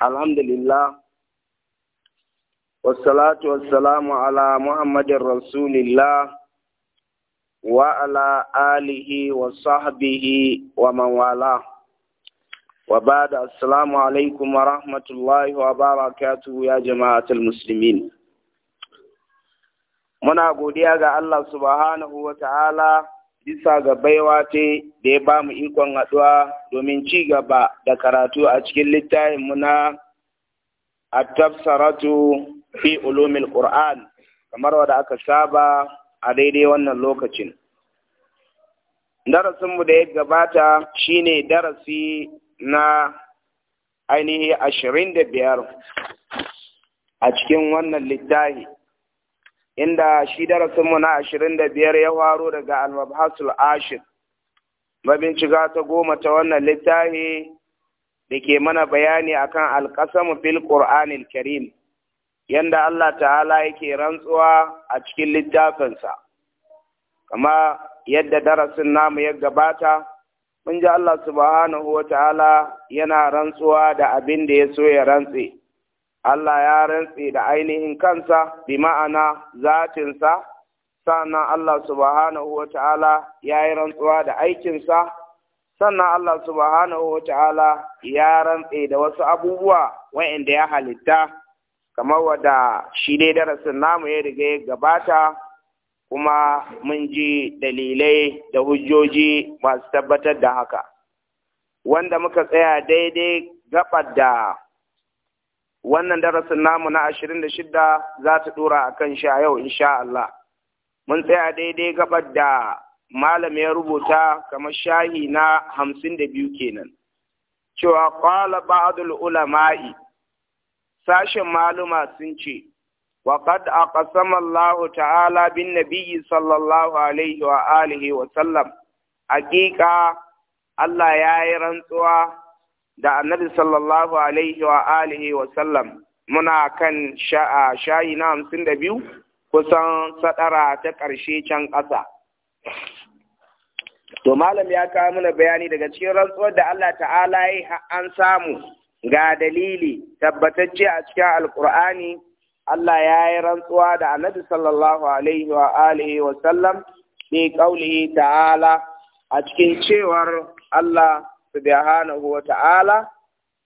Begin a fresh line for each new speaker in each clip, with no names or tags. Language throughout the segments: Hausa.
alhamdulillah wassalatu wassalamu ala muhammadin rasulillah wa ala alihi wa sahbihi wa man wala wa ba'da assalamu alaikum wa rahmatullahi wa barakatuhu ya jama'atul muslimin muna godiya ga Allah subhanahu wa ta'ala bisa ga baiwa ce da ya ba mu ikon haɗuwa domin ci gaba da karatu a cikin littafinmu na at-tafsiratu fi ulumil qur'an kamar wadda aka saba a daidai wannan lokacin darasinmu da ya gabata shine darasi na ainihi ashirin da biyar a cikin wannan littafi inda shi darasinmu na ashirin da biyar ya waro daga almabhasul ashir mabincika ta goma ta wannan littafi da ke mana bayani akan alƙasamu fil qur'anil karim yanda Allah ta'ala yake rantsuwa a cikin littafinsa kama yadda darasin namu ya gabata mun ji Allah subhanahu wa ta'ala yana rantsuwa da abin da ya so ya rantse Allah ya rantse da ainihin kansa bi ma'ana zatinsa sannan Allah subhanahu wa ta'ala ya yi rantsuwa da aikinsa sannan Allah subhanahu wa ta'ala ya rantse da wasu abubuwa wa'inda ya halitta kamar wadda shi dai darasin namu ya riga ya gabata kuma mun ji dalilai da hujjoji masu tabbatar da haka wanda muka tsaya daidai gabar da wannan darasin namu na ashirin da shida za ta a kan shi a yau insha Allah mun tsaya daidai gabar da malam ya rubuta kamar shahi na hamsin da biyu kenan cewa kwala ba'adul ulama'i sashen maluma sun ce wa qad aqsama Allah ta'ala bin nabiyyi sallallahu alaihi wa alihi wa sallam haƙiƙa Allah ya yi rantsuwa da annabi sallallahu alaihi wa alihi wa sallam muna kan shayi na hamsin da biyu kusan sadara ta ƙarshe can ƙasa. To malam ya kawo mana bayani daga cikin rantsuwar da Allah ta'ala ya an samu ga dalili tabbatacce a cikin alkur'ani Allah ya yi rantsuwa da annabi sallallahu alaihi wa alihi wa sallam ne ta'ala a cikin cewar Allah subhanahu wa ta'ala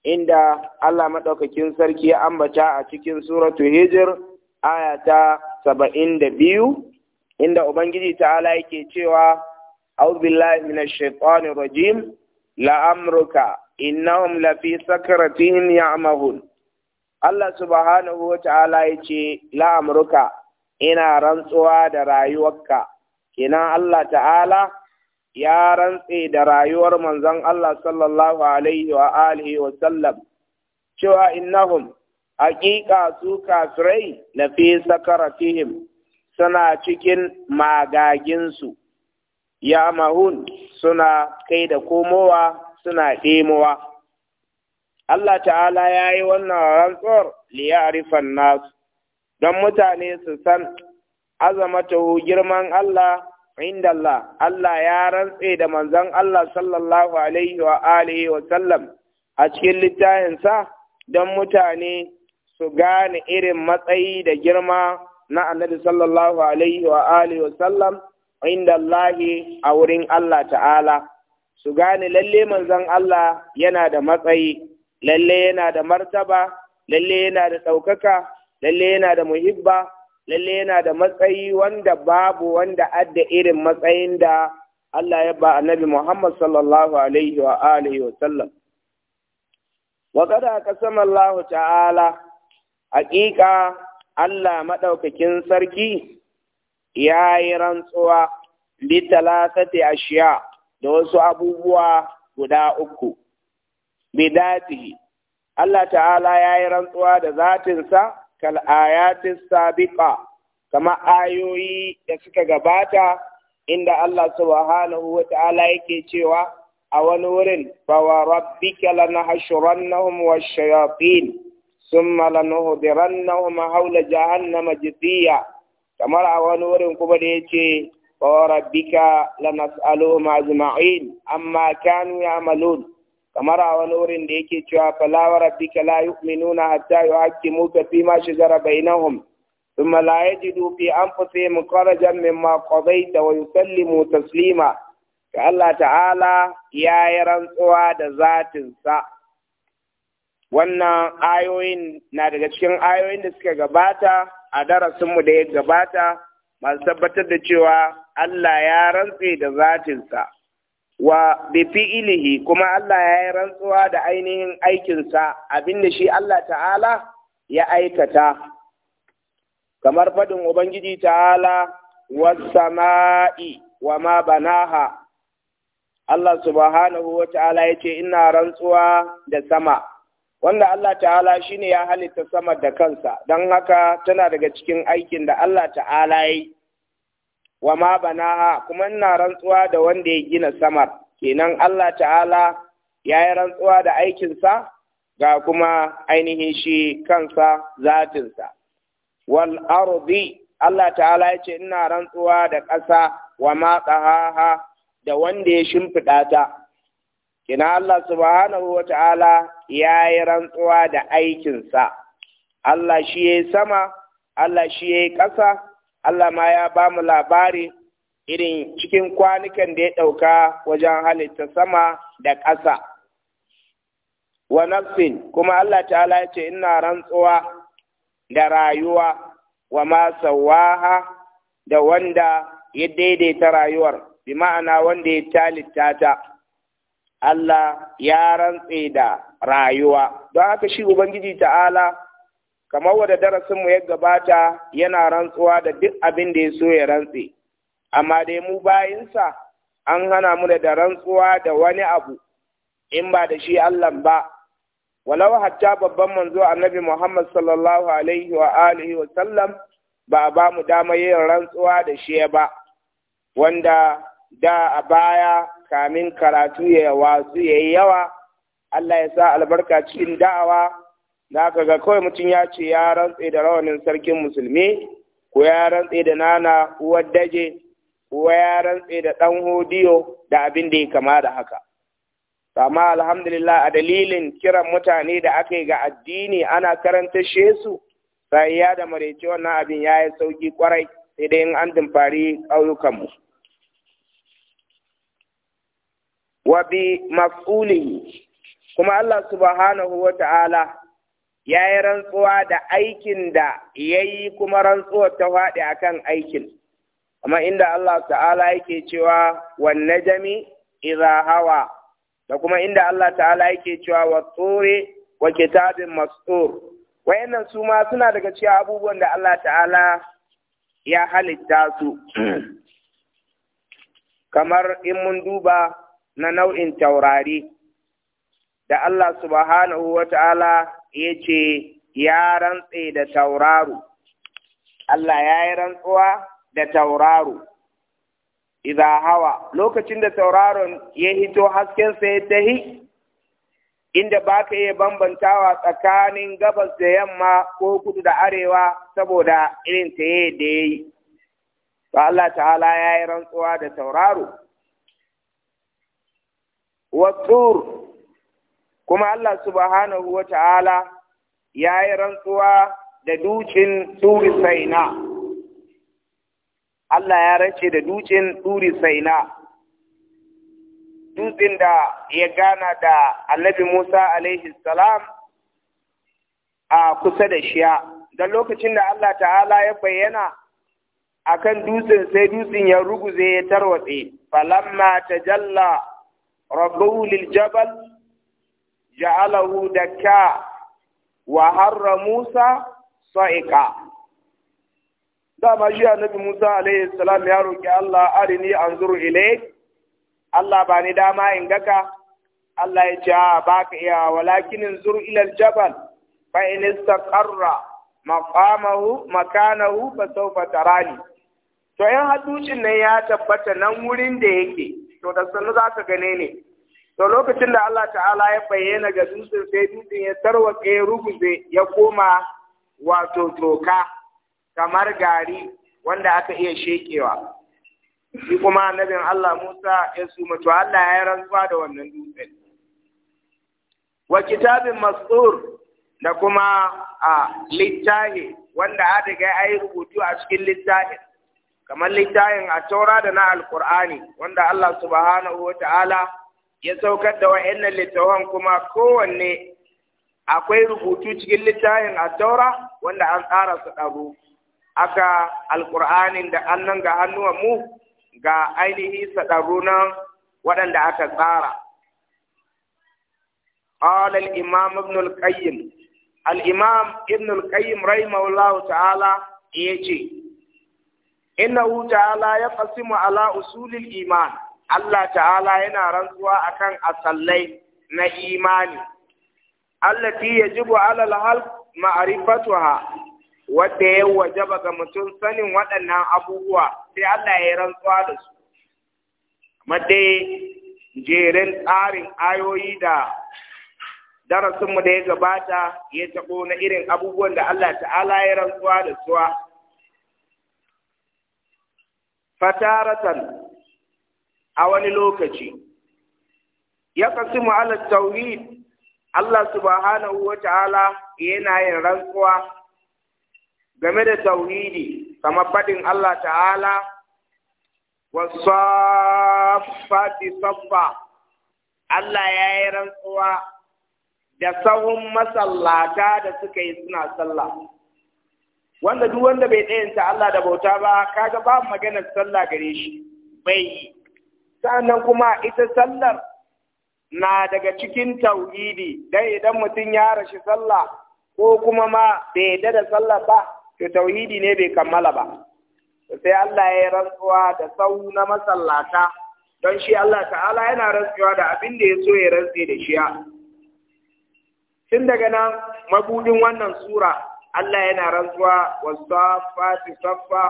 inda Allah maɗaukakin sarki ya ambata a cikin suratu hijir aya ta saba'in da biyu inda Ubangiji ta'ala yake cewa auzubillahi minash shaitanir rajim la'amruka innahum lafi sakaratihim ya'mahun Allah subhanahu wa ta'ala ce la'amruka ina rantsuwa da rayuwarka kina Allah ta'ala ya rantse da rayuwar manzon Allah sallallahu alaihi wa alihi wa sallam cewa innahum haƙiƙa su kafirai na fi sakaratihim suna cikin magaginsu ya mahun suna kai da komowa suna ɗemowa Allah ta'ala ya yi wannan rantsuwar liyarifan nasu don mutane su san ta girman Allah inda Allah Allah ya rantse da manzon Allah sallallahu alaihi wa alihi wa sallam a cikin littafinsa don mutane su gane irin matsayi da girma na annabi sallallahu alaihi wa alihi wa sallam inda Allah a wurin Allah ta'ala su gane lalle manzon Allah yana da matsayi lalle yana da martaba lalle yana da ɗaukaka lalle yana da muhibba lalle yana da matsayi wanda babu wanda adda irin matsayin da Allah ya ba annabi Muhammad sallallahu alaihi wa alihi wa sallam wa qad aqsama Allah ta'ala haƙiƙa Allah maɗaukakin sarki ya yi rantsuwa bi a ashiya da wasu abubuwa guda uku bi datihi Allah ta'ala ya yi rantsuwa da zatinsa kal ayatis sabiqa kama ayoyi da suka gabata inda Allah subhanahu wa ta'ala yake cewa a wani wurin bawa rabbika lanahshurannahum wash-shayatin thumma lanuhdirannahum hawla jahannama jithiya kamar a wani wurin kuma da yace bawa rabbika lanas'aluhum ajma'in amma kanu ya'malun kamar a wani wurin da yake cewa fala wa la yu'minuna hatta ka fi ma shajara bainahum thumma la yajidu fi anfusihim kharajan mimma wani wa yusallimu taslima ka Allah ta'ala ya yi rantsuwa da zatinsa wannan ayoyin na daga cikin ayoyin da suka gabata a darasinmu da ya gabata masu tabbatar da cewa Allah ya rantse da zatinsa. wa bi fi'ilihi kuma Allah ya yi rantsuwa da ainihin aikinsa abinda shi Allah ta'ala ya aikata kamar faɗin ubangiji ta'ala wasama'i wa ma banaha Allah subhanahu wa ta'ala ya ce ina rantsuwa da sama wanda Allah ta'ala shine ya halitta sama da kansa don haka tana daga cikin aikin da Allah ta'ala ya yi wa ma banaha kuma ina rantsuwa da wanda ya gina samar kenan Allah ta'ala ya yi rantsuwa da aikinsa ga kuma ainihin shi kansa zatinsa wal ardi Allah ta'ala ya ce ina rantsuwa da ƙasa wa ma da wanda ya shimfiɗa ta kina Allah subhanahu wa ta'ala ya yi rantsuwa da aikinsa Allah shi ya yi sama Allah shi ya yi ƙasa Allah ma ya ba mu labari irin cikin kwanukan da ya ɗauka wajen halitta sama da ƙasa. Wa nafsin kuma Allah ta'ala ya ce ina rantsuwa da rayuwa wa masawaha da wanda ya daidaita rayuwar, bi ma'ana wanda ya talitta ta. Allah ya rantse da rayuwa, don haka shi Ubangiji ta'ala kamar wadda darasinmu ya gabata yana rantsuwa da duk abin da ya so ya rantse, amma dai mu bayinsa an hana mu da rantsuwa da wani abu in ba da shi Allah ba, walau hatta babban manzo annabi Muhammad sallallahu Alaihi wa alihi wa sallam ba a ba mu dama yin rantsuwa da shi ba, wanda da a baya kamin karatu ya watsu ya yi yawa, Allah ya sa albarka cikin da'awa. da aka ga kawai mutum ya ce ya rantse da rawanin sarkin musulmi ko ya rantse da nana uwar daje ko ya rantse da ɗan hodiyo da abin da ya kama da haka amma alhamdulillah a dalilin kiran mutane da aka yi ga addini ana karanta shesu, sai ya da maraice wannan abin ya yi sauki kwarai sai dai an dumfari ƙauyukanmu wa bi kuma Allah subhanahu wa ta'ala ya yi rantsuwa da aikin da ya yi kuma rantsuwar ta faɗi a kan aikin amma inda Allah ta'ala yake cewa wanne jami iza hawa da kuma inda Allah ta'ala yake cewa wa tsore wa kitabin mastur wayannan su ma suna daga cikin abubuwan da Allah ta'ala ya halitta su kamar in mun duba na nau'in taurari da Allah subhanahu wa ta'ala ya ce ya rantse da tauraro, Allah ya yi rantsuwa da tauraro, iza hawa lokacin da tauraron ya hito hasken haskensa ya tahi, inda ba ka iya bambantawa tsakanin gabas da yamma ko kudu da arewa saboda irin ta yi da ya yi. Ba Allah ta'ala ya yi rantsuwa da tauraro. wasu kuma Allah subhanahu wa ta'ala ya yi rantsuwa da dukin turi saina. Allah ya rance da dukin turi saina, dutsen da ya gana da annabi Musa alaihi salam a kusa da shiya, don lokacin da Allah ta'ala ya bayyana akan dutsen sai dutsen ya ruguze ya tarwatse, falamma ta jalla lil jabal ja'alahu dakka wa harra Musa sa'iqa dama shi annabi Musa alaihi salam ya roki Allah arini anzuru ilai Allah ba ni dama in gaka Allah ya ce ba ka iya walakin anzur ila aljabal fa in istaqarra maqamahu makanahu fa sawfa tarani to yan haducin nan ya tabbata nan wurin da yake to da za zaka gane ne to lokacin da Allah ta'ala ya bayyana ga dutsen sai dutsen ya tarwatse rubuze ya koma wato toka kamar gari wanda aka iya shekewa shi kuma annabin Allah Musa ya suma to Allah ya rantsuwa da wannan dutsen wa kitabin mas'ur da kuma a littahi wanda a daga rubutu a cikin littahi kamar littahin a taura da na alkur'ani wanda Allah subhanahu wa ya saukar da wa'annan littafan kuma kowanne akwai rubutu cikin littafin taura wanda an tsara su ɗaru aka alƙur'anin da annan ga hannuwan mu ga ainihi saɗaru nan waɗanda aka tsara قال الإمام ابن القيم الإمام ابن القيم رحمه الله تعالى يجي إنه تعالى يقسم على أصول الإيمان Allah ta'ala yana rantsuwa akan asallai na imani allati yajibu ala al-halq ma'rifatuha wanda ya wajaba ga mutum sanin waɗannan abubuwa sai Allah ya rantsuwa da su madde jerin tsarin ayoyi da darasin mu da ya gabata ya tabo na irin abubuwan da Allah ta'ala ya rantsuwa da suwa fataratan a wani lokaci ya kasimu ala tauhid Allah subhanahu wa ta'ala yana yin rantsuwa game da tauhidi kamar faɗin Allah ta'ala wasaffati saffa Allah ya yi rantsuwa da sahun masallata da suka yi suna sallah wanda duk wanda bai ɗayanta Allah da bauta ba kaga ba maganar sallah gare shi bai yi sannan kuma ita sallar na daga cikin tauhidi dan idan mutum ya rashi sallah ko kuma ma bai da da sallar ba to tauhidi ne bai kammala ba sai Allah ya yi rantsuwa da sau na masallata don shi Allah ta'ala yana rantsuwa da abin da ya so ya rantse da shi tun daga nan mabudin wannan sura Allah yana rantsuwa wasu saffa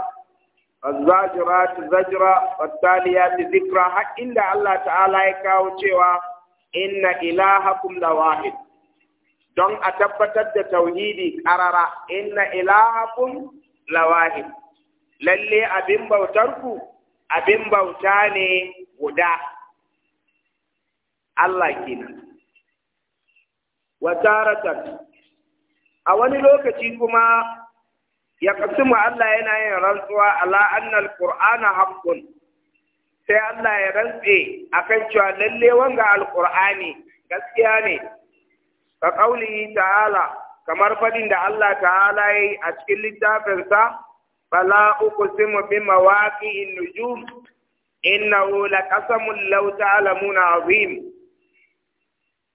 الزاجرات زجرة والتاليات ذكرى Allah Ta'ala Ya kawo cewa, 'Inna إن إلهكم لواحد don a tabbatar da tauhidi karara inna ilahakum lawahid lalle abin bautar ku abin bauta ne guda Allah kenan wa taratan a wani lokaci kuma ya kasimu Allah yana yin rantsuwa ala annal qur'ana haqqun sai Allah ya rantse akan cewa lalle wanga alqur'ani gaskiya ne ka qaulihi ta'ala kamar fadin da Allah ta'ala yayi a cikin littafinsa fala uqsimu bi mawaqi'in nujum innahu laqasamun law ta'lamuna azim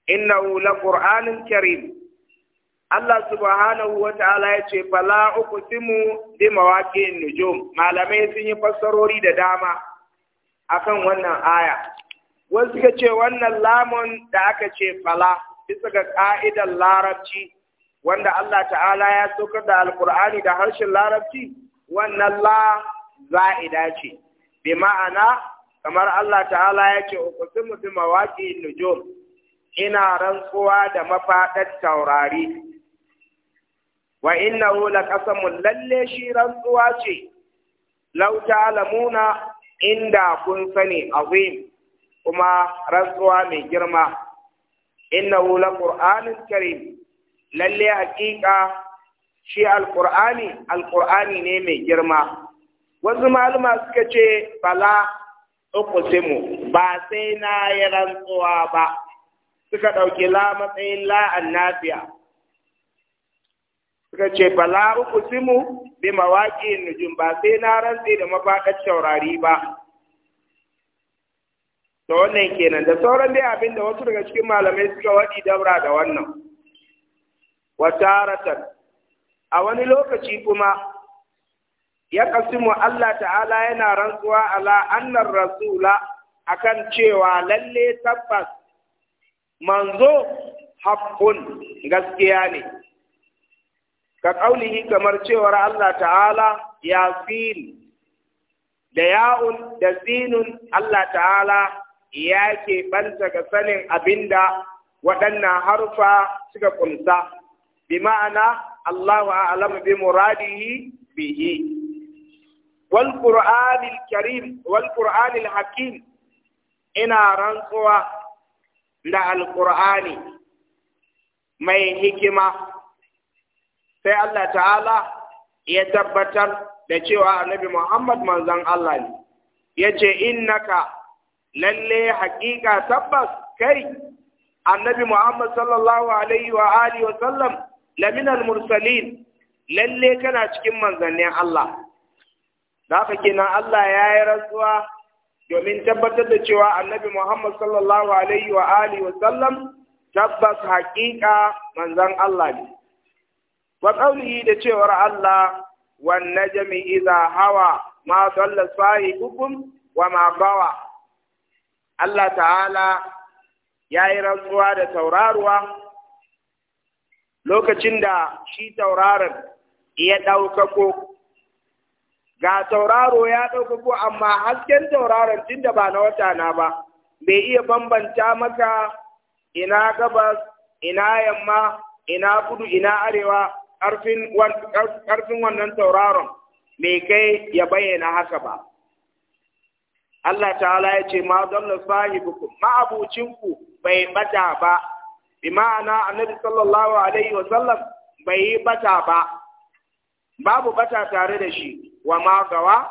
innahu laqur'anun karim Allah subhanahu wa ta'ala ya ce fala uqsimu bi mawaqi'in nujum malamai sun yi fassarori da dama akan wannan aya wasu suka ce wannan lamun da aka ce fala bisa ga ka'idar larabci wanda Allah ta'ala ya saukar da alkur'ani da harshen larabci wannan la za'ida ce bi ma'ana kamar Allah ta'ala ya ce uqsimu bi mawaqi'in nujum ina rantsuwa da mafaɗar taurari wa la laqasamun lalle shi rantsuwa ce law ta'lamuna inda kun sani azim kuma rantsuwa mai girma la laqur'anun karim lalle hakika shi alqur'ani alqur'ani ne mai girma wasu malama suka ce bala uqsimu ba sai na yi rantsuwa ba suka ɗauki la matsayin la nafiya suka ce bala uku simu bi mawaki nujum ba sai na rantse da mafaɗar taurari ba da wannan kenan da sauran dai abin da wasu daga cikin malamai suka waɗi daura da wannan wataratan a wani lokaci kuma ya kasimu Allah ta'ala yana rantsuwa ala annar rasula akan cewa lalle tabbas manzo haƙƙun gaskiya ne ka ƙaulihi kamar cewar Allah ta'ala ya fil da ya'un da zinun Allah ta'ala ya ke ɓanta ga sanin abinda waɗannan harfa suka ƙunsa, bi ma'ana Allahu a'lamu bi muradihi bihi. Wal Qur'anil Karim wal Qur'anil Hakim ina rantsuwa da Al-Qur'ani mai hikima sai Allah ta'ala ya tabbatar da cewa annabi Muhammad manzon Allah ne yace innaka lalle haƙiƙa tabbas kai annabi Muhammad sallallahu alaihi wa alihi wa sallam laminal mursalin lalle kana cikin manzannin Allah da haka kenan Allah ya yi rantsuwa domin tabbatar da cewa annabi Muhammad sallallahu alaihi wa alihi wa sallam tabbas haƙiƙa manzon Allah ne wa qawlihi da cewar Allah wan najmi idha hawa ma dalla sahibukum wa ma Allah ta'ala yayi rantsuwa da tauraruwa lokacin da shi tauraron ya ɗaukako ga tauraro ya ɗaukako amma hasken tauraron tun da ba na wata na ba bai iya bambanta maka ina gabas ina yamma ina kudu ina arewa ƙarfin wannan tauraron me kai ya bayyana haka ba. Allah ta'ala ya ce ma dalla sahibukum ma abucinku bai bata ba bi ma'ana annabi sallallahu alaihi wa sallam bai yi bata ba babu bata tare da shi wa ma gawa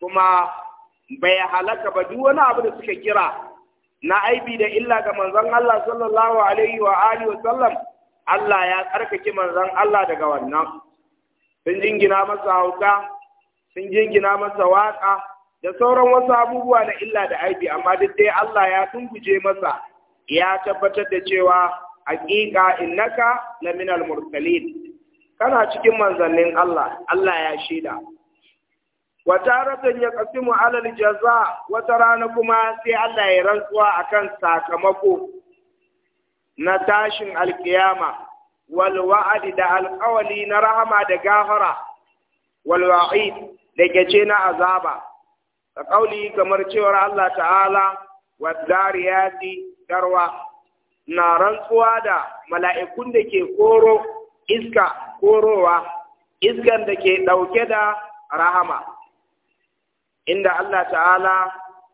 kuma bai halaka ba duk wani abu da suka kira na aibi da illa ga manzon Allah sallallahu alaihi wa alihi wa sallam Allah ya tsarkake manzon Allah daga wannan sun jingina masa hauka sun jingina masa waka da sauran wasu abubuwa na illa da aibi amma duk dai Allah ya tunguje masa ya tabbatar da cewa haƙiƙa innaka la minal mursalin kana cikin manzannin Allah Allah ya shaida. wa taratan ya qasimu al jaza wata rana kuma sai Allah ya rantsuwa akan sakamako na tashin alkiyama wal wa'adi da alkawali na rahama da gafara
wal wa'id
da gace na azaba da kauli kamar cewar Allah ta'ala wa dariyati darwa na rantsuwa da mala'ikun da ke koro iska korowa iskan da ke ɗauke da rahama inda Allah ta'ala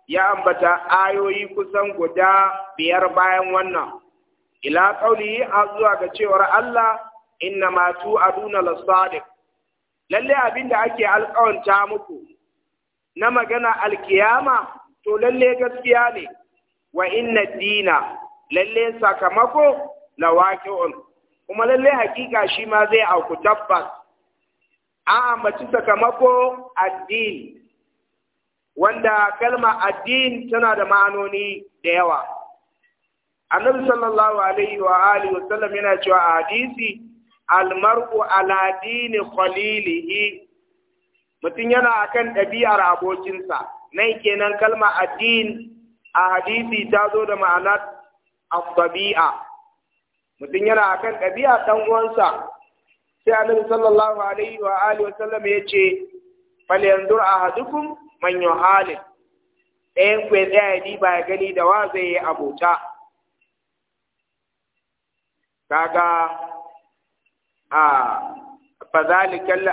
ya ambata ayoyi kusan guda biyar bayan wannan ila a zuwa ga cewar Allah inna ma aduna lasadiq lalle abinda ake alƙawanta muku na magana alkiyama to lalle gaskiya ne wa inna dina lalle sakamako waqi'un kuma lalle hakika shi ma zai auku tabbas a ambaci sakamako addini wanda kalma addini tana da ma'anoni da yawa annabi sallallahu alaihi wa alihi wa sallam yana cewa a hadisi almar'u ala dini khalilihi mutum yana akan ɗabi'ar abokinsa nan kenan kalma addin a hadisi ta zo da ma'anar abbabi'a mutum yana akan ɗabi'ar ɗan uwansa sai annabi sallallahu alaihi wa alihi wa sallam ya ce falyanzur ahadukum man yuhalil ɗayan ku ya tsaya ba ya gani da wa zai yi abota kaga a fadhalikal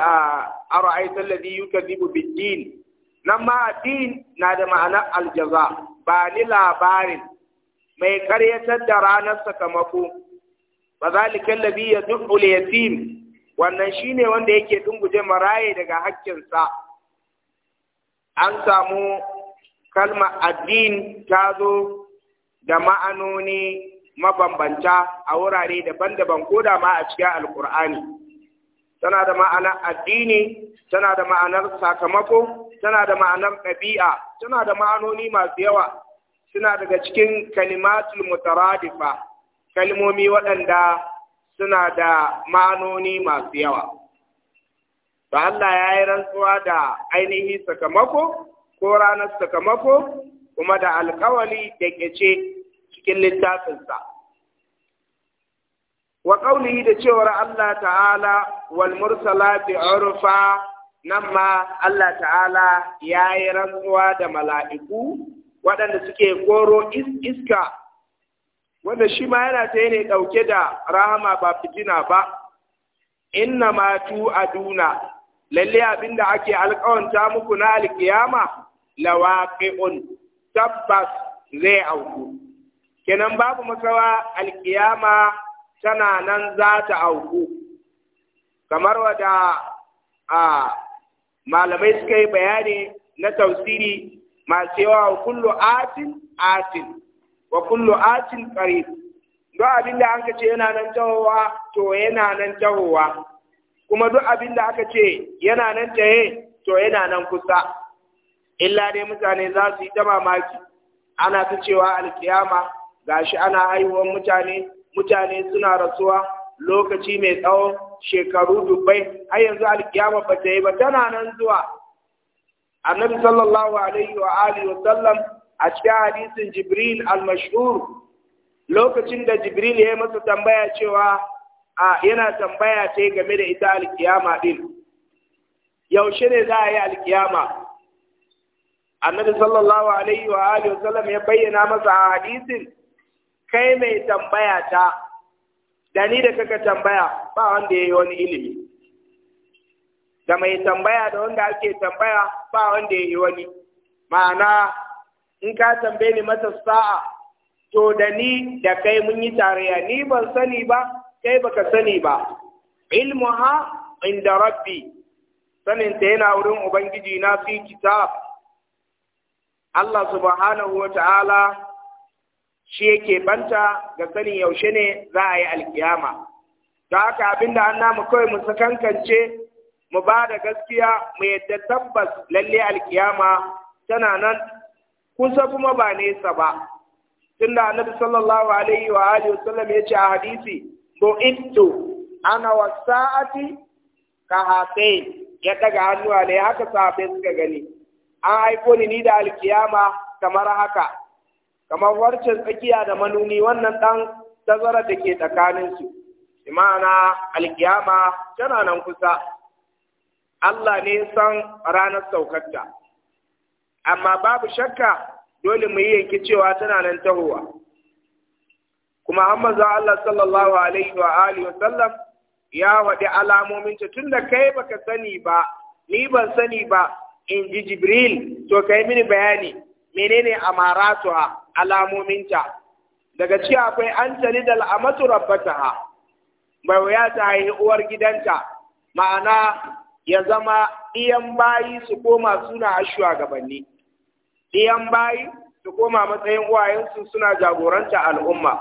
ara'aita alladhi yukadibu bid-din nan ma addin na da ma'anar aljaza ba ni labarin mai karyatar da ranar sakamako ba za likan labi dubbul yatim wannan shine wanda yake dunguje maraye daga hakkinsa an samu kalma addin ta zo da ma'anoni mabambanta a wurare daban-daban ko da ma a cikin alkur'ani tana da ma'anar addini tana da ma'anar sakamako tana da ma'anar ɗabi'a tana da ma'anoni masu yawa suna daga cikin kalimatul mutaradifa kalmomi waɗanda suna da ma'anoni masu yawa to Allah ya yi rantsuwa da ainihi sakamako ko ranar sakamako kuma da alkawali da kece cikin littafinsa wa qawlihi da cewar Allah ta'ala wal mursalati urfa nan ma Allah ta'ala ya yi rantsuwa da mala'iku waɗanda suke koro iska wanda shi ma yana ta ne ɗauke da rahama ba fitina ba inna ma tu aduna lalle abin da ake alkawanta muku na alkiyama lawaqi'un tabbas zai auku kenan babu matsawa alkiyama tana nan za ta auku kamar wada a malamai suka yi bayani na tausiri masu yawa kullu atin atin wa kullu atin qarib duk abin da aka ce yana nan tahowa to yana nan tahowa kuma duk abin da aka ce yana nan jahe to yana nan kusa illa dai mutane za su yi ta mamaki ana ta cewa alkiyama gashi ana haihuwar mutane mutane suna rasuwa lokaci mai tsawon shekaru dubbai har yanzu alkiyama ba ta yi ba tana nan zuwa annabi sallallahu alaihi wa alihi wa sallam a cikin hadisin jibril al-mashhur lokacin da jibril ya masa tambaya cewa a yana tambaya ta game da ita alkiyama din yaushe ne za a yi alkiyama annabi sallallahu alaihi wa alihi wa sallam ya bayyana masa a hadisin kai mai tambaya ta da ni da kaka tambaya ba wanda ya yi wani ilimi da mai tambaya da wanda ake tambaya ba wanda ya yi wani ma'ana in ka tambaye ni mata sa'a to da ni da kai mun yi tarayya ni ban sani ba kai baka sani ba ilmuha inda rabbi sanin ta yana wurin ubangiji na fi kitab Allah subhanahu wa ta'ala shi yake banta ga sanin yaushe ne za a yi alkiyama ta haka abinda an namu kawai mu sakankance mu ba da gaskiya mu yadda tabbas lalle alkiyama tana nan kusa kuma ba nesa ba tunda annabi sallallahu alaihi wa alihi wasallam ya ce a hadisi itto ana wasa'ati ka hafe ya daga hannuwa ne haka sahabbai suka gani an aiko ni ni da alkiyama kamar haka kamar warcin tsakiya da manuni wannan dan tazarar da ke tsakaninsu imana alkiyama tana nan kusa Allah ne san ranar saukarta amma babu shakka dole mu yi yanki cewa tana nan tahowa kuma hammaza Allah sallallahu alaihi wa alihi wa sallam ya waɗi alamomin ta tunda kai baka sani ba ni ban sani ba in ji Jibril to kai mini bayani menene amaratuha alamominta daga ci akwai an tali da al'amatu ha, mai wuya ta haihi uwar gidanta ma'ana ya zama iyan bayi su koma suna ashuwa shugabanni iyan bayi su koma matsayin uwayensu suna jagoranta al'umma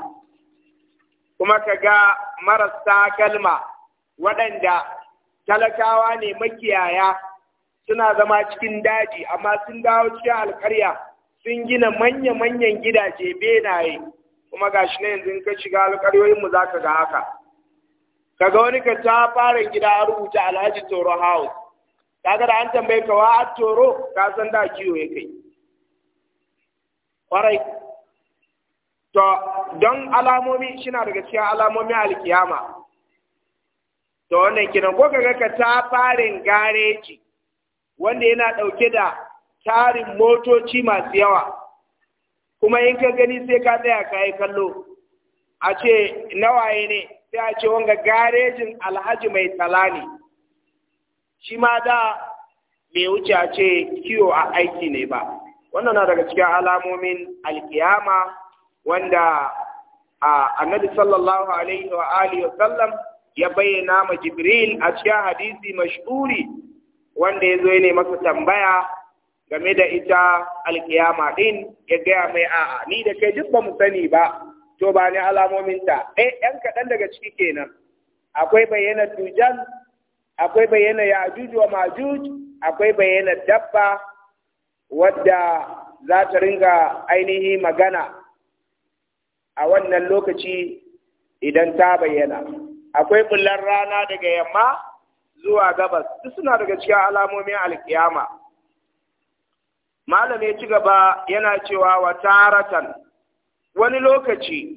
kuma ka ga marasa kalma waɗanda talakawa ne makiyaya suna zama cikin daji amma sun dawo cikin alkarya sun gina manya-manyan gidaje benaye kuma ga shi ne yanzu in ka shiga alƙaryoyinmu za ka ga haka kaga wani ka ta fara gida a rubuta alhaji toro house kaga da an tambaye ka wa a toro ka san da kiwo ya kai kwarai to don alamomi shina daga cikin alamomi alkiyama to wannan kinan ko kaga ka ta farin gareji wanda yana dauke da tarin motoci masu yawa kuma in ka gani sai ka tsaya ka yi kallo a ce nawaye ne sai a ce wanga garejin alhaji mai tsala ne shi ma da mai wuce a ce kiwo a aiki ne ba wannan na daga cikin alamomin alkiyama wanda annabi sallallahu alaihi wa alihi sallam ya bayyana ma jibril a cikin hadisi mashhuri wanda ya zo ne masa tambaya game da ita alkiyama din ya gaya mai a'a ni da kai duk ba mu sani ba to ba ni alamominta eh yan kaɗan daga ciki kenan akwai bayyana tujan, akwai bayyana yajuj wa majuj akwai bayyana dabba wadda za ta ringa ainihi magana a wannan lokaci idan ta bayyana akwai bullar rana daga yamma zuwa gabas duk suna daga cikin alamomin alkiyama malam ya ci gaba yana cewa wa taratan wani lokaci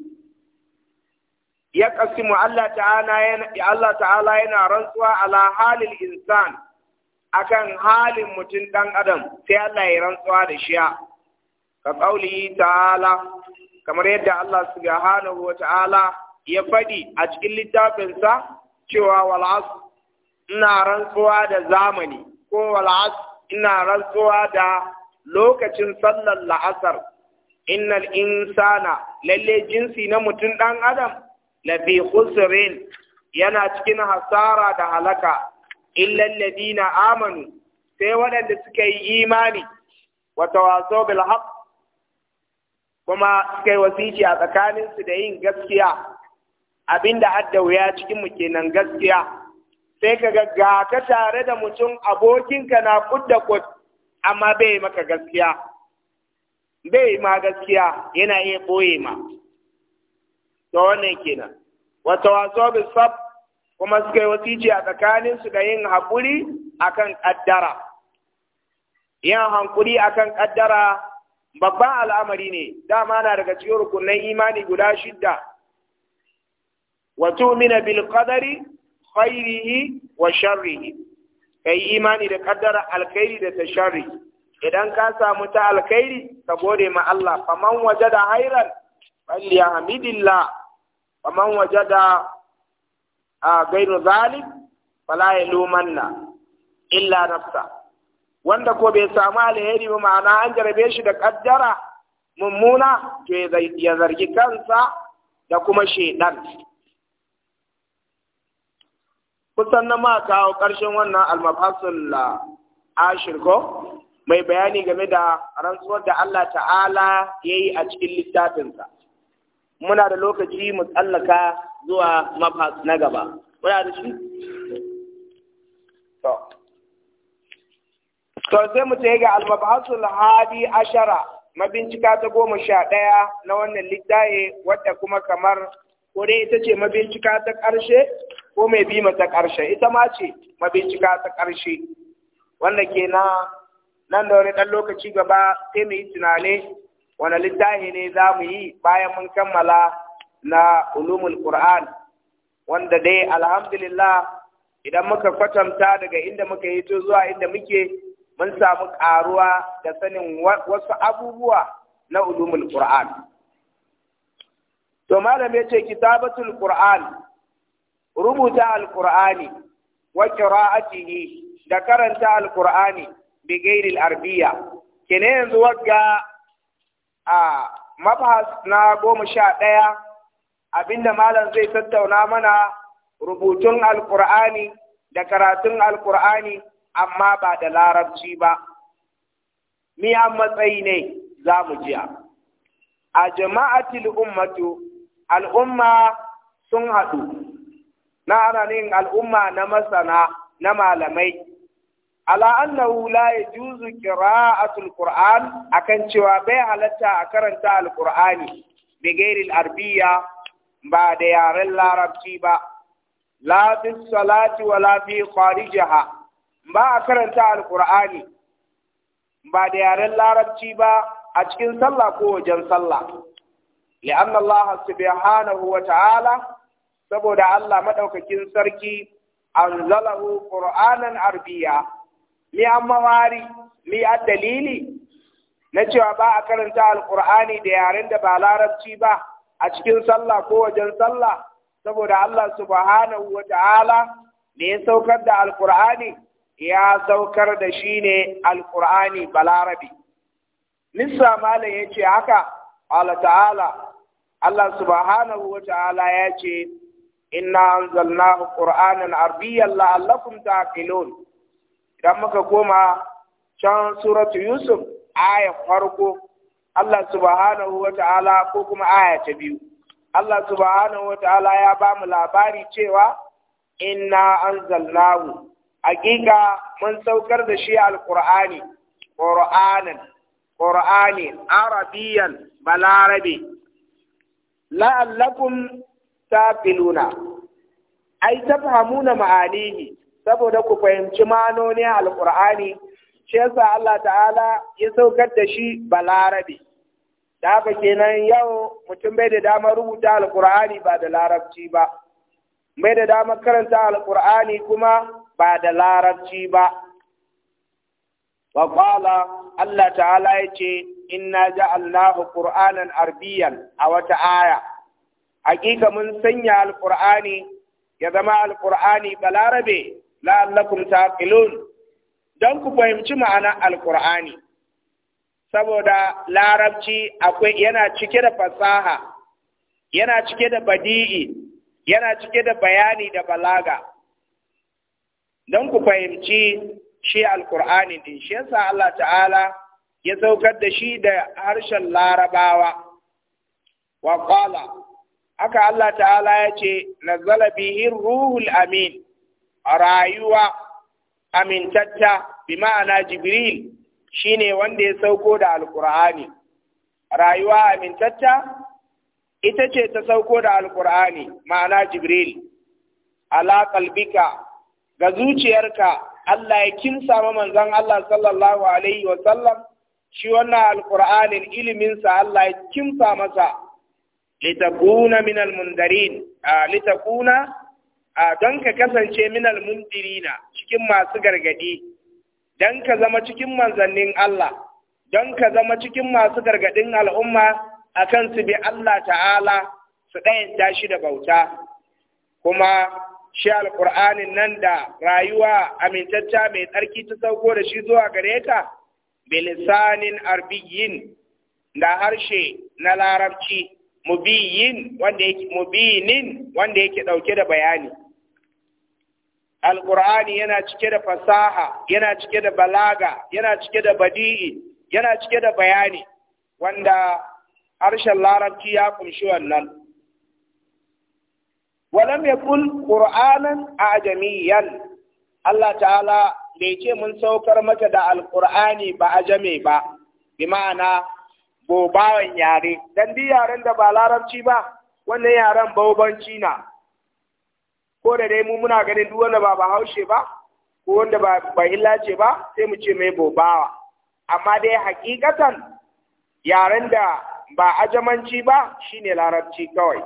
ya kasimu Allah ta'ala yana Allah ta'ala yana rantsuwa ala halil insan akan halin mutum dan adam sai Allah ya rantsuwa da shi ka qaulihi ta'ala kamar yadda Allah subhanahu wata'ala ya fadi a cikin littafinsa cewa wal ina rantsuwa da zamani ko wal ina rantsuwa da lokacin sallar la'asar innal insana lalle jinsi na mutum ɗan adam lafi khusrin yana cikin hasara da halaka illal ladina amanu sai waɗanda suka yi imani wa waso bil kuma suka yi wasiki a tsakaninsu da yin gaskiya abinda adda wuya cikin mu kenan gaskiya sai ka ga tare da mutum abokinka na kudda kut amma bai maka gaskiya bai ma gaskiya yana iya ɓoye ma to wannan kenan wata bi sab kuma suka yi ce a su da yin haƙuri akan ƙaddara yin hankuri akan ƙaddara babban al'amari ne dama na daga cikin rukunan imani guda shidda wa tu'mina bil qadari khairihi wa sharrihi Ka yi imani da kaddara alkhairi da tasharri. idan ka samu ta alkhairi ka gode ma Allah faman wajada hairan falli hamidillah faman wajada a gairu zalik fala yalumanna illa nafsa wanda ko bai samu alheri ba ma'ana an jarabe shi da kaddara mummuna to ya zargi kansa da kuma shedan kusan na kawo ƙarshen wannan almafasul la ashir mai bayani game da rantsuwar da Allah ta'ala ya yi a cikin littafinsa muna da lokaci mu tsallaka zuwa mafas na gaba muna da shi to sai mu ga almafasul hadi ashara mabincika ta goma sha ɗaya na wannan littaye wadda kuma kamar kore ita ce mabincika ta ƙarshe ko mai bi mata ƙarshe ita ma ce mabincika ta ƙarshe wanda ke na nan da wani ɗan lokaci gaba sai mu yi tunane wani littafi ne za mu yi bayan mun kammala na ulumul qur'an wanda dai alhamdulillah idan muka kwatanta daga inda muka to zuwa inda muke mun samu ƙaruwa da sanin wasu abubuwa na ulumul qur'an to malam ya ce kitabatul qur'an rubuta alqur'ani wa qira'atihi da karanta alqur'ani bi ghairi al kene yanzu wagga a mabhas na goma sha ɗaya abinda malam zai tattauna mana rubutun alqur'ani da karatun alqur'ani amma ba da larabci ba mi matsayi ne za mu jiya a jama'atil ummatu al'umma sun haɗu na ananin al'umma na masana na malamai ala annahu la yajuzu qira'atul qur'an akan cewa bai halatta a karanta alqur'ani bi ghairi Arbiya ba da yaren larabci ba la fi salati wala fi kharijaha ba a karanta alqur'ani ba da yaren larabci ba a cikin sallah ko wajen sallah li'anna Allah subhanahu wa ta'ala saboda Allah maɗaukakin sarki anzalahu qur'anan arbiya ni an wari ni dalili na cewa ba a karanta alqur'ani da yaren da ba larabci ba a cikin sallah ko wajen sallah saboda Allah subhanahu wa ta'ala da ya saukar da alqur'ani ya saukar da shi ne Alƙur'ani balarabi nisa malam yace haka Allah ta'ala Allah subhanahu wa ta'ala ya ce inna anzalnahu qur'anan arabiyyan la'allakum ta'qilun idan muka koma can suratu yusuf aya farko Allah subhanahu wata'ala ko kuma aya ta biyu Allah subhanahu wata'ala ya ba mu labari cewa inna anzalnahu hakika mun saukar da shi alqur'ani qur'anan qur'ani arabiyan balarabi la'allakum taqiluna ai tafhamuna ma'anihi saboda ku fahimci manonin alqur'ani shi yasa Allah ta'ala ya saukar da shi balarabi da haka kenan yau mutum bai da damar rubuta alqur'ani ba da larabci ba bai da damar karanta alqur'ani kuma ba da larabci ba wa Allah ta'ala ya ce inna ja'alnahu qur'anan Arbiyyan a wata aya hakika mun sanya alqur'ani ya zama alqur'ani balarabe la'allakum taqilun don ku fahimci ma'ana alqur'ani saboda larabci akwai yana cike da fasaha yana cike da badi'i yana cike da bayani da balaga don ku fahimci shi alkur'ani din shi yasa Allah ta'ala ya saukar da shi da harshen larabawa wa qala haka Allah ta'ala ya ce nazzala bihin ruhul amin rayuwa amintatta bi ma'ana jibril shine wanda ya sauko da alqur'ani rayuwa amintatta ita ce ta sauko da alqur'ani ma'ana jibril ala qalbika ga zuciyarka Allah ya kimsa ma manzon Allah sallallahu alaihi wa sallam shi wannan alqur'anin iliminsa Allah ya kimsa masa litakuna min almundarin litakuna don ka kasance min almundirina cikin masu gargadi don ka zama cikin manzannin Allah don ka zama cikin masu gargadin al'umma a kan su bi Allah ta'ala su ɗayan tashi da bauta kuma shi alƙur'anin nan da rayuwa amintacca mai tsarki ta sauko da shi zuwa gare ka bilisanin arbiyin da harshe na larabci mubiyin wanda yake mubinin wanda yake dauke da bayani alqur'ani yana cike da fasaha yana cike da balaga yana cike da badi'i yana cike da bayani wanda harshen larabci ya kunshi wannan walam yakul qur'anan ajamiyan Allah ta'ala bai ce mun saukar maka da alqur'ani ba ajame ba bi ma'ana bobawan yare dan duk yaren da ba larabci ba wannan yaren baubanci na ko da dai mu muna ganin duk wanda ba bahaushe ba ko wanda ba ba ce ba sai mu ce mai bobawa amma dai hakikatan yaren da ba ajamanci ba shine larabci kawai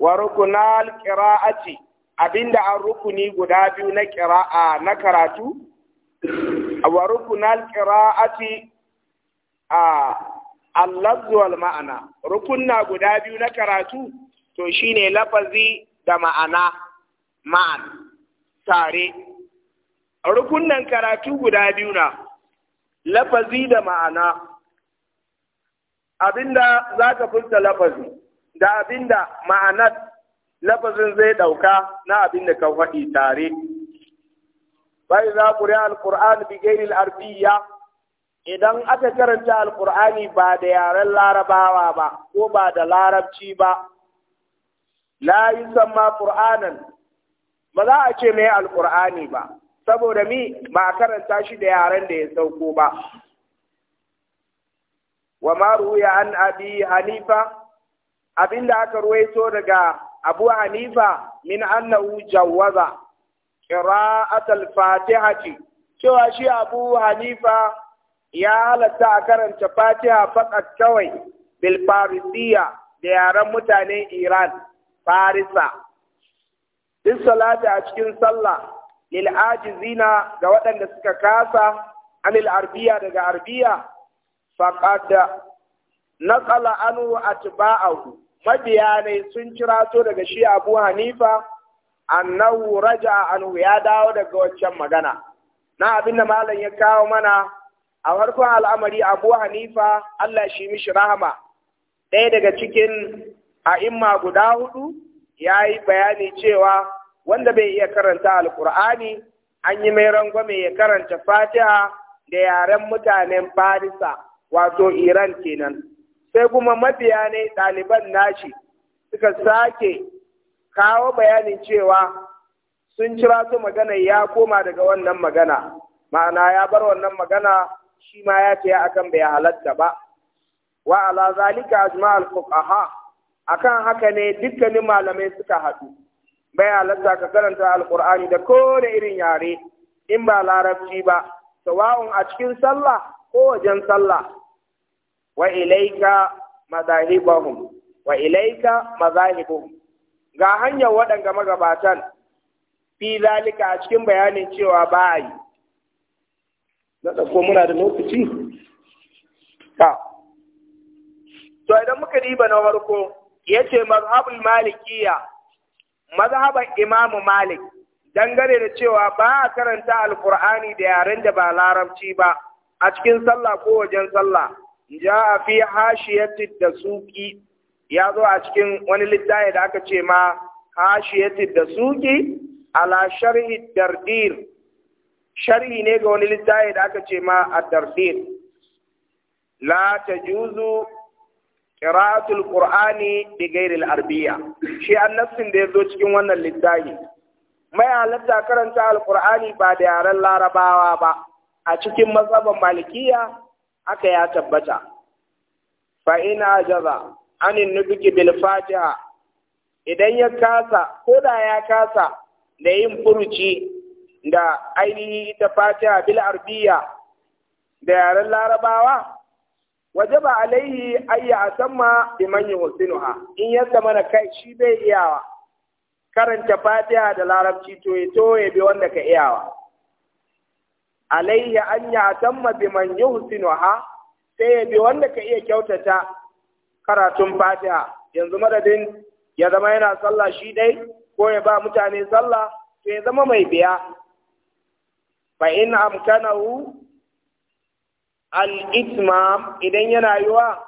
wa rukunal qira'ati abinda an rukuni guda biyu na qira'a na karatu wa rukunal qira'ati a allafzu wal ma'ana rukunna guda biyu na karatu to shi ne lafazi da ma'ana ma'an tare rukunnan karatu guda biyu na lafazi da ma'ana abinda za ka furta lafazi da abinda ma'anar lafazin zai ɗauka na abinda ka faɗi tare bai za ku rai alƙur'an bi gairi arbiya. idan aka karanta alkur'ani ba da yaren larabawa ba ko ba da larabci ba la yusamma qur'anan ba za a ce mai alkur'ani ba saboda mi ba a karanta shi da yaren da ya sauko ba wa ma ruya an abi hanifa abinda aka ruwaito daga abu hanifa min annahu jawwaza qira'atul fatihati cewa shi abu hanifa ya halatta a karanta fatiha fakat kawai bil farisiya da yaren mutanen iran farisa duk salati a cikin sallah lil ajizina ga waɗanda suka kasa anil arbiya daga arbiya faqad naqala anu atba'ahu mabiyanai sun so daga shi abu hanifa annahu raja anhu ya dawo daga waccan magana na abinda malam ya kawo mana a farkon al'amari abu hanifa Allah shi mishi rahama ɗaya daga cikin a'imma guda hudu ya yi bayani cewa wanda bai iya karanta alkur'ani an yi mai rangwame ya karanta fatiha da yaren mutanen farisa wato iran kenan sai kuma mafiya ne ɗaliban nashi suka sake kawo bayanin cewa sun cira su magana ya koma daga wannan magana ma'ana ya bar wannan magana shi ma ya ce akan bai halatta ba wa ala zalika ajma'al fuqaha akan haka ne dukkanin malamai suka haɗu bai halatta ka karanta alqur'ani da ko da irin yare in ba larabci ba sawa'un a cikin sallah ko wajen sallah wa ilaika madahibahum wa ilaika ga hanyar waɗanga magabatan fi zalika a cikin bayanin cewa ba yi na ɗauko muna da lokaci ta to idan muka diba na farko ce mazhabul malikiya mazhaban imamu malik dangane da cewa ba a karanta alkur'ani da yaren da ba larabci ba a cikin sallah ko wajen sallah ja a fi hashiyati da suki ya zo a cikin wani littafi da aka ce ma hashiyati da suki ala sharhi dardir sharhi ne ga wani littafi da aka ce ma ad-dardir la tajuzu qira'atul qur'ani bi ghairi al-arabiyya shi annasin da ya zo cikin wannan littafi mai halatta karanta al-qur'ani ba da yaren larabawa ba a cikin mazhaban malikiya aka ya tabbata fa ina jaza anin nuduki bil fatiha idan ya kasa ko da ya kasa da yin furuci da ainihi ita fatiha bil arbiya da yaren larabawa wajaba alaihi ayya asamma biman yuhsinuha in yadda mana kai shi bai iyawa karanta fatiha da larabci to ya bi wanda ka iyawa alaihi an ya asamma biman yuhsinuha sai ya bi wanda ka iya kyautata karatun fatiha yanzu madadin ya zama yana sallah shi dai ko ya ba mutane sallah to ya zama mai biya Ba in amkanahu al itmam idan yana yiwa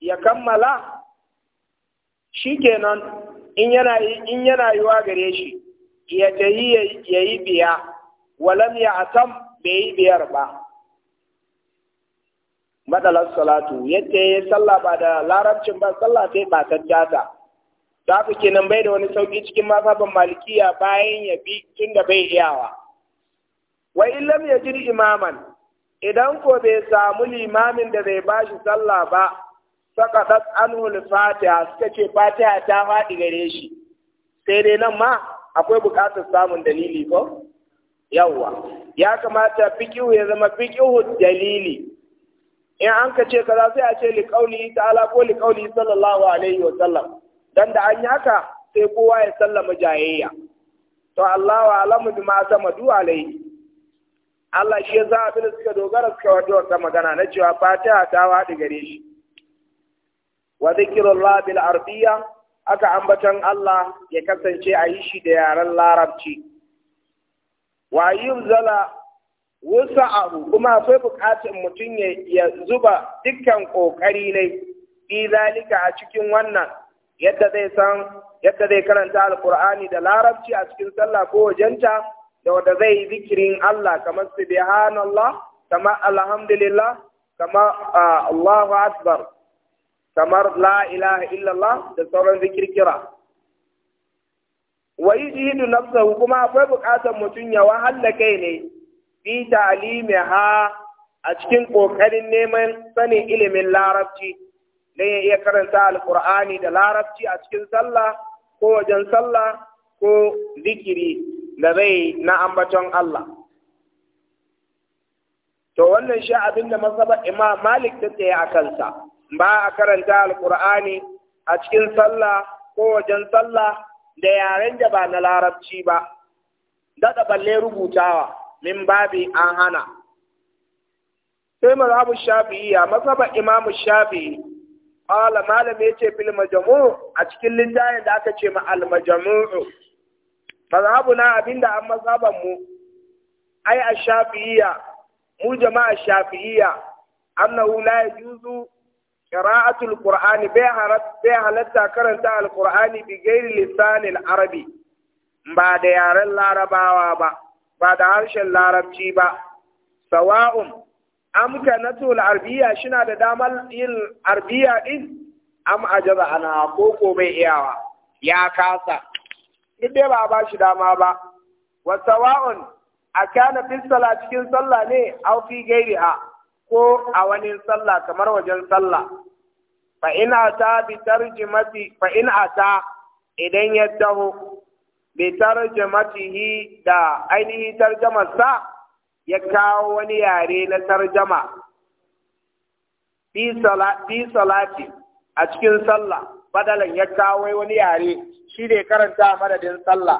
ya kammala shikenan in yana in yana yiwa gare shi ya tayi yayi biya walam ya atam bai yi biyar ba matsalar salatu yadda ya yi sallah ba da larabcin ba sallah sai ba ta jata ta fi kenan bai da wani sauƙi cikin mazhaban malikiya bayan ya bi tun da bai iyawa wa illam ya jiri imaman idan ko bai samu limamin da zai bashi sallah ba saqadat anhu al-fatiha suka ce fatiha ta faɗi gare shi sai dai nan ma akwai buƙatar samun dalili ko yawwa ya kamata fiqihu ya zama fiqihu dalili in an ka ce kaza sai a ce qauli ta'ala ko qauli sallallahu alaihi wa sallam dan da an yaka sai kowa ya sallama jayayya to Allah wa alamu bima sama du alaihi Allah shi ya za abin da suka dogara suka wata wata magana na cewa fatiha ta waɗi gare shi wa zikirullah bil arziya aka ambatan Allah ya kasance a yi shi da yaren larabci wa wusa abu kuma akwai bukatun mutum ya zuba dukkan ƙoƙari ne fi zalika a cikin wannan yadda zai san yadda zai karanta alkur'ani da larabci a cikin sallah ko wajenta da wanda zai yi zikirin Allah kamar subhanallah kama alhamdulillah kama Allahu akbar kamar la ilaha illallah da sauran zikirkira wa yujhidu nafsahu kuma akwai buƙatar mutum ya wahalla kai ne fi ha a cikin ƙoƙarin neman sanin ilimin larabci dan ya iya karanta alqur'ani da larabci a cikin sallah ko wajen sallah ko zikiri da rai na ambaton Allah to wannan shi abin da mazhabar Imam Malik ta tsaye a kansa ba a karanta alkur'ani a cikin sallah ko wajen sallah da yaren da ba na larabci ba daga balle rubutawa min babi an hana sai mazhabu shafi'iyya mazhabar imam shafi'i qala malam yace fil majmu' a cikin linjayin da aka ce ma al mazhabuna abinda an mazhaban mu ai ash-shafi'iyya mu jama'a shafi'iyya annahu la yajuzu qira'atul qur'ani bai harat bai halatta karanta al-qur'ani bi ghairi lisanil arabi ba da yaren larabawa ba ba da harshen larabci ba sawa'un amkanatu al-arabiyya shina da damar yin arabiyya din am ajaza ana ko ko bai iyawa ya kasa duk dai ba ba shi dama ba wa sawa'un a kana fi sallah cikin sallah ne aw fi ghairiha ko a wani sallah kamar wajen sallah fa ina ta bi tarjimati fa ina ata idan ya taho bi tarjamatihi da ainihi sa ya kawo wani yare na tarjama fi salati a cikin sallah badalan ya kawo wani yare shi ne karanta madadin sallah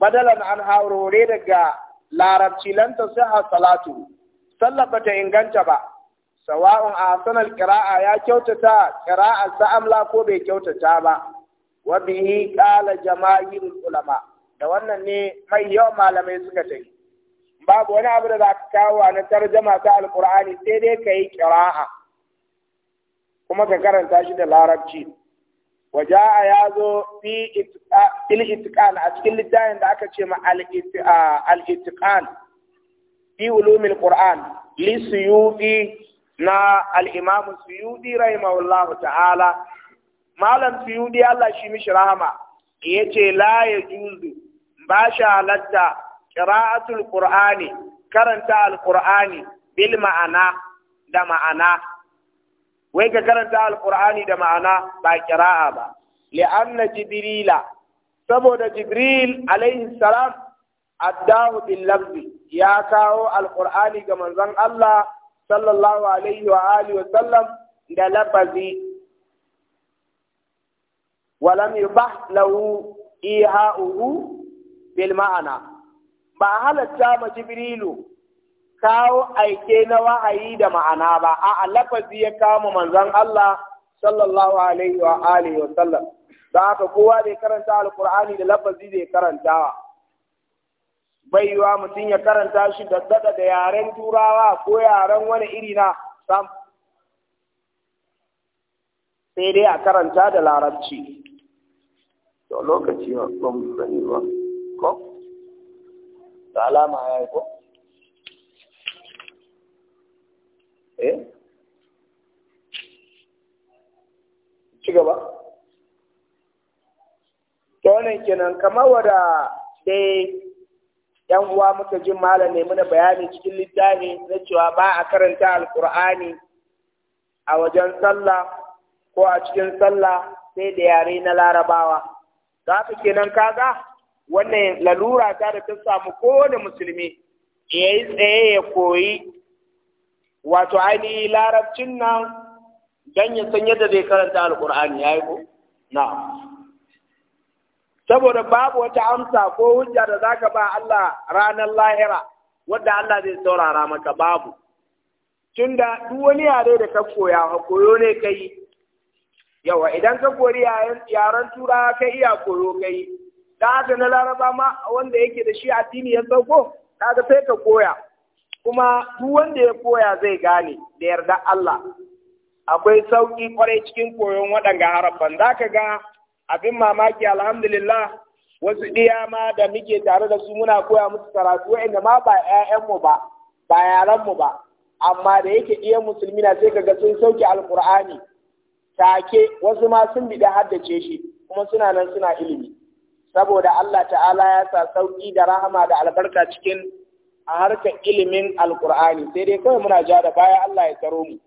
badalan an haurore daga larabci lan a salatu sallah bata inganta ba sawa'un asanal qira'a ya kyautata qira'a Amla ko bai kyautata ba wa bihi qala jamaahirul ulama da wannan ne mai yawan malamai suka tafi babu wani abu da za ka kawo na tarjama ta Alƙur'ani sai dai ka yi qira'a kuma ka karanta shi da larabci waja'a ya zo fi a cikin littafin da aka ce ma al-itiqan fi ulumil qur'an li na al-imam suyuti ta'ala malam suyuti Allah shi mishi rahama yace la yajuzu ba shi halatta qira'atul qur'ani karanta al bil ma'ana da ma'ana wai ka karanta Alƙur'ani da ma'ana ba ƙira'a ba li'anna jibrila saboda jibril alaihi salam addahu bil ya kawo Alƙur'ani ga manzon Allah sallallahu alaihi wa alihi wa sallam da lafazi ولم يبح bil ma'ana. بالمعنى ba halatta ma jibrilu kawo aike na wa'ayi da ma'ana ba a alafazi ya kama manzan Allah sallallahu alaihi wa Alaihi wa sallam don ka kowa zai karanta alkur'ani da lafazi zai karantawa bai yiwa mutum ya karanta shi da tsada da yaren turawa ko yaren wani iri na sam sai dai a karanta da larabci to lokaci ba ba mu sani ba ko da alama ya yi ko eh ci gaba ta kenan kamar wada dai yan uwa muka jin malam ne muna bayani cikin littafi na cewa ba a karanta alkur'ani a wajen sallah ko a cikin sallah sai da yare na larabawa za ka kenan kaga wannan lalura ta da ta samu kowane musulmi ya yi tsaye ya koyi wato ainihi larabcin nan don ya san yadda zai karanta alkur'ani ya yi ko na saboda babu wata amsa ko hujja da zaka ba Allah ranar lahira wadda Allah zai saurara maka babu tunda duk wani yare da ka koya koyo ne kai yawa idan ka kori yaren tura ka iya koyo kai da haka na laraba ma wanda yake da shi addini ya sauko kaga sai ka koya kuma duk wanda ya koya zai gane da yarda Allah akwai sauƙi kwarai cikin koyon waɗanga harafan za ka ga abin mamaki alhamdulillah wasu ɗiya ma da muke tare da su muna koya musu karatu wa'inda ma ba 'ya'yanmu ba ba yaranmu ba amma da yake iya musulmi na sai ga sun sauki alkur'ani take wasu ma sun bi haddace shi kuma suna nan suna ilimi saboda Allah ta'ala ya sa sauki da rahama da albarka cikin a harkar ilimin alkur'ani sai dai kawai muna ja da baya Allah ya tsaro mu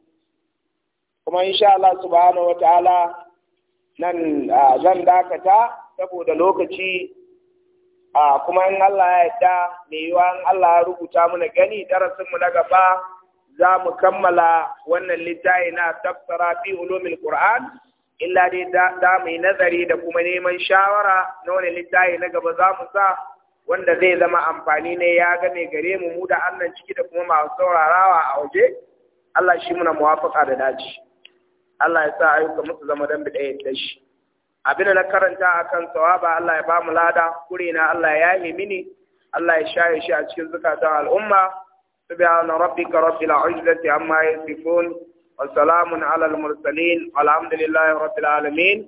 kuma insha Allah subhanahu wataala nan zan dakata saboda lokaci kuma in Allah ya yarda me yiwa in Allah ya rubuta mana gani darasin mu na gaba za mu kammala wannan littafi na tafsara fi ulumil qur'an illa dai da mai nazari da kuma neman shawara na wani littafi na gaba za mu sa wanda zai zama amfani ne ya gane gare mu mu da Allah ciki da kuma masu saurarawa a waje Allah shi muna muwafaka da daji. Allah ya sa ayyuka musu zama dambe ɗaya da shi abin da na karanta akan sawaba Allah ya ba mu lada kure na Allah ya yi mini Allah ya shaye shi a cikin zukatan al'umma subhana rabbika rabbil izzati amma yasifun wa salamun alal mursalin alhamdulillahi rabbil alamin